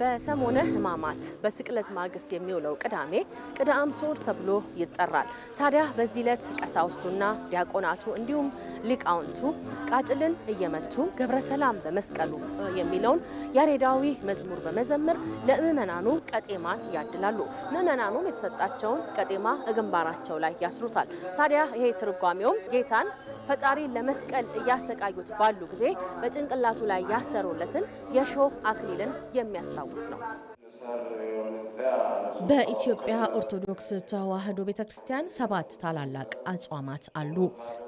በሰሞነ ሕማማት በስቅለት ማግስት የሚውለው ቅዳሜ ቅዳም ሶር ተብሎ ይጠራል። ታዲያ በዚህ ዕለት ቀሳውስቱና ዲያቆናቱ እንዲሁም ሊቃውንቱ ቃጭልን እየመቱ ገብረ ሰላም በመስቀሉ የሚለውን ያሬዳዊ መዝሙር በመዘመር ለምዕመናኑ ቀጤማን ያድላሉ። ምዕመናኑም የተሰጣቸውን ቀጤማ ግንባራቸው ላይ ያስሩታል። ታዲያ ይሄ ትርጓሜውም ጌታን ፈጣሪ ለመስቀል እያሰቃዩት ባሉ ጊዜ በጭንቅላቱ ላይ ያሰሩለትን የሾህ አክሊልን የሚያስታው የሚታወስ ነው። በኢትዮጵያ ኦርቶዶክስ ተዋሕዶ ቤተ ክርስቲያን ሰባት ታላላቅ አጽዋማት አሉ።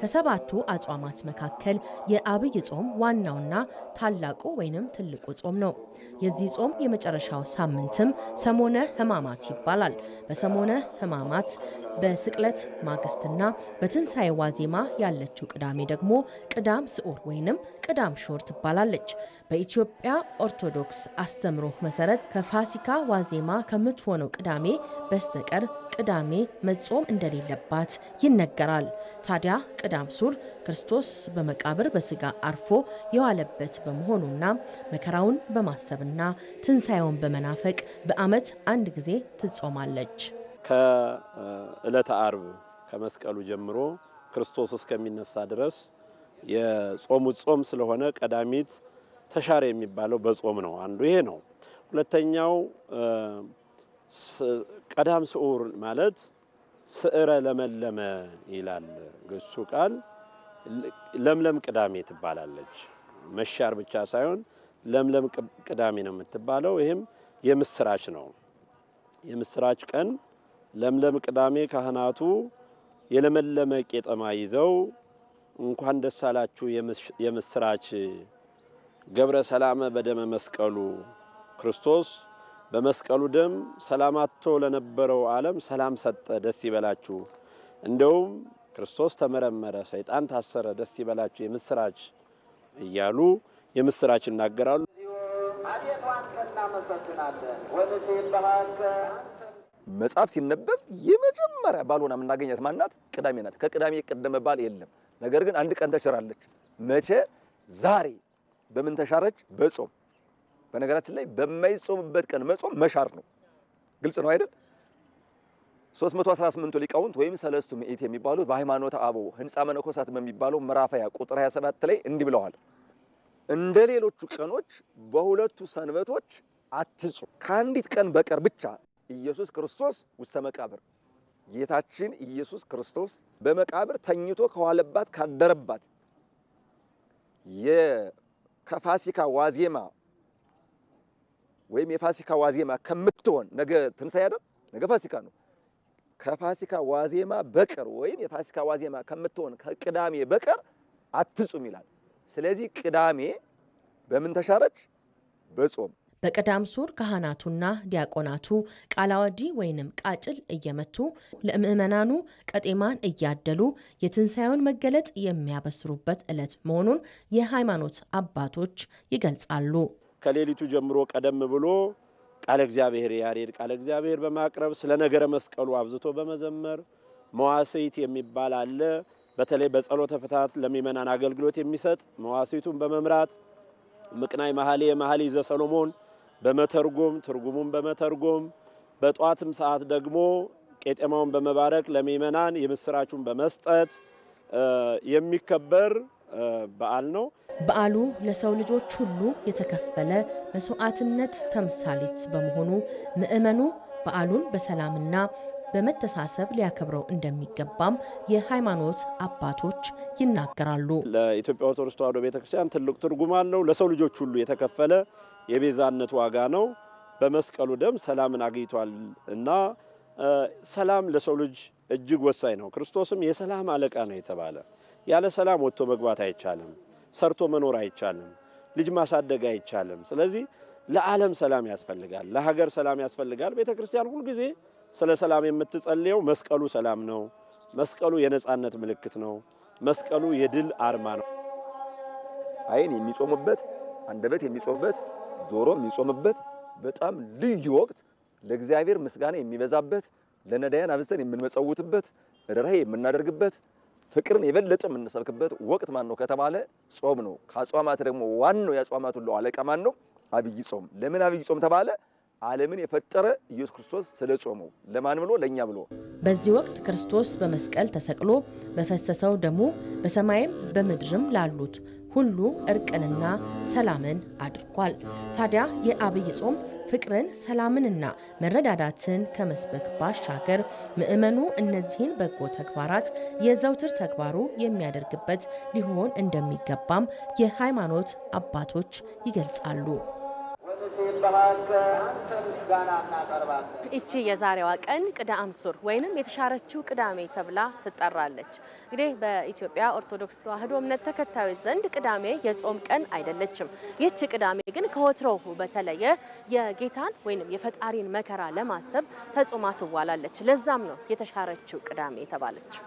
ከሰባቱ አጽዋማት መካከል የአብይ ጾም ዋናውና ታላቁ ወይንም ትልቁ ጾም ነው። የዚህ ጾም የመጨረሻው ሳምንትም ሰሞነ ሕማማት ይባላል። በሰሞነ ሕማማት በስቅለት ማግስትና በትንሣኤ ዋዜማ ያለችው ቅዳሜ ደግሞ ቅዳም ስዑር ወይንም ቅዳም ሾር ትባላለች። በኢትዮጵያ ኦርቶዶክስ አስተምሮ መሰረት ከፋሲካ ዋዜማ ከምትሆነው ቅዳሜ በስተቀር ቅዳሜ መጾም እንደሌለባት ይነገራል። ታዲያ ቅዳም ስዑር ክርስቶስ በመቃብር በስጋ አርፎ የዋለበት በመሆኑና መከራውን በማሰብና ትንሣኤውን በመናፈቅ በዓመት አንድ ጊዜ ትጾማለች። ከእለተ አርብ ከመስቀሉ ጀምሮ ክርስቶስ እስከሚነሳ ድረስ የጾሙ ጾም ስለሆነ ቀዳሚት ተሻረ የሚባለው በጾም ነው። አንዱ ይሄ ነው። ሁለተኛው ቀዳም ስዑር ማለት ስዕረ ለመለመ ይላል ግሱ ቃል። ለምለም ቅዳሜ ትባላለች። መሻር ብቻ ሳይሆን ለምለም ቅዳሜ ነው የምትባለው። ይህም የምስራች ነው። የምስራች ቀን ለምለም ቅዳሜ ካህናቱ የለመለመ ቄጠማ ይዘው እንኳን ደስ አላችሁ የምስራች ገብረ ሰላመ በደመ መስቀሉ ክርስቶስ በመስቀሉ ደም ሰላማቶ ለነበረው ዓለም ሰላም ሰጠ፣ ደስ ይበላችሁ። እንደውም ክርስቶስ ተመረመረ፣ ሰይጣን ታሰረ፣ ደስ ይበላችሁ የምስራች እያሉ የምስራች ይናገራሉ። መጽሐፍ ሲነበብ የመጀመሪያ ባልሆና የምናገኛት ማናት? ቅዳሜ ናት። ከቅዳሜ የቀደመ ባል የለም። ነገር ግን አንድ ቀን ተሽራለች። መቼ? ዛሬ። በምን ተሻረች? በጾም። በነገራችን ላይ በማይጾምበት ቀን መጾም መሻር ነው። ግልጽ ነው አይደል? 318 ሊቃውንት ወይም ሰለስቱ ምዕት የሚባሉት በሃይማኖተ አበው ህንፃ መነኮሳት በሚባለው ምዕራፍ 20 ቁጥር 27 ላይ እንዲህ ብለዋል። እንደ ሌሎቹ ቀኖች በሁለቱ ሰንበቶች አትጹ፣ ከአንዲት ቀን በቀር ብቻ ኢየሱስ ክርስቶስ ውስተ መቃብር ጌታችን ኢየሱስ ክርስቶስ በመቃብር ተኝቶ ከዋለባት ካደረባት ከፋሲካ ዋዜማ ወይም የፋሲካ ዋዜማ ከምትሆን ነገ ትንሣኤ አይደል? ነገ ፋሲካ ነው። ከፋሲካ ዋዜማ በቀር ወይም የፋሲካ ዋዜማ ከምትሆን ከቅዳሜ በቀር አትጹም ይላል። ስለዚህ ቅዳሜ በምን ተሻረች? በጾም በቀዳም ሱር ካህናቱና ዲያቆናቱ ቃላዋዲ ወይንም ቃጭል እየመቱ ለምእመናኑ ቀጤማን እያደሉ የትንሣኤውን መገለጥ የሚያበስሩበት ዕለት መሆኑን የሃይማኖት አባቶች ይገልጻሉ። ከሌሊቱ ጀምሮ ቀደም ብሎ ቃለ እግዚአብሔር ያሬድ ቃለ እግዚአብሔር በማቅረብ ስለ ነገረ መስቀሉ አብዝቶ በመዘመር መዋሴት የሚባል አለ። በተለይ በጸሎተ ፍትሐት ለሚመናን አገልግሎት የሚሰጥ መዋሴቱን በመምራት ምቅናይ መሀሌ መኃልይ ዘሰሎሞን በመተርጎም ትርጉሙን በመተርጎም በጧትም ሰዓት ደግሞ ቄጤማውን በመባረክ ለምእመናን የምስራቹን በመስጠት የሚከበር በዓል ነው። በዓሉ ለሰው ልጆች ሁሉ የተከፈለ መስዋዕትነት ተምሳሌት በመሆኑ ምእመኑ በዓሉን በሰላምና በመተሳሰብ ሊያከብረው እንደሚገባም የሃይማኖት አባቶች ይናገራሉ። ለኢትዮጵያ ኦርቶዶክስ ተዋህዶ ቤተክርስቲያን ትልቅ ትርጉም አለው። ለሰው ልጆች ሁሉ የተከፈለ የቤዛነት ዋጋ ነው። በመስቀሉ ደም ሰላምን አግኝቷል እና ሰላም ለሰው ልጅ እጅግ ወሳኝ ነው። ክርስቶስም የሰላም አለቃ ነው የተባለ ያለ ሰላም ወጥቶ መግባት አይቻልም። ሰርቶ መኖር አይቻልም። ልጅ ማሳደግ አይቻልም። ስለዚህ ለዓለም ሰላም ያስፈልጋል፣ ለሀገር ሰላም ያስፈልጋል። ቤተ ክርስቲያን ሁልጊዜ ስለ ሰላም የምትጸልየው መስቀሉ ሰላም ነው። መስቀሉ የነጻነት ምልክት ነው። መስቀሉ የድል አርማ ነው። ዓይን የሚጾምበት፣ አንደበት የሚጾምበት፣ ጆሮ የሚጾምበት በጣም ልዩ ወቅት ለእግዚአብሔር ምስጋና የሚበዛበት፣ ለነዳያን አብዝተን የምንመጸውትበት፣ ርኅራኄ የምናደርግበት፣ ፍቅርን የበለጠ የምንሰብክበት ወቅት ማን ነው ከተባለ ጾም ነው። ከአጽዋማት ደግሞ ዋናው የአጽዋማት ሁሉ አለቃ ማን ነው? አብይ ጾም። ለምን አብይ ጾም ተባለ? ዓለምን የፈጠረ ኢየሱስ ክርስቶስ ስለ ጾመው ለማን ብሎ ለእኛ ብሎ። በዚህ ወቅት ክርስቶስ በመስቀል ተሰቅሎ በፈሰሰው ደሙ በሰማይም በምድርም ላሉት ሁሉ እርቅንና ሰላምን አድርጓል። ታዲያ የአብይ ጾም ፍቅርን፣ ሰላምንና መረዳዳትን ከመስበክ ባሻገር ምእመኑ እነዚህን በጎ ተግባራት የዘውትር ተግባሩ የሚያደርግበት ሊሆን እንደሚገባም የሃይማኖት አባቶች ይገልጻሉ። ይቺ የዛሬዋ ቀን ቅዳም ሱር ወይንም የተሻረችው ቅዳሜ ተብላ ትጠራለች። እንግዲህ በኢትዮጵያ ኦርቶዶክስ ተዋሕዶ እምነት ተከታዮች ዘንድ ቅዳሜ የጾም ቀን አይደለችም። ይቺ ቅዳሜ ግን ከወትሮው በተለየ የጌታን ወይንም የፈጣሪን መከራ ለማሰብ ተጾማ ትዋላለች። ለዛም ነው የተሻረችው ቅዳሜ የተባለችው።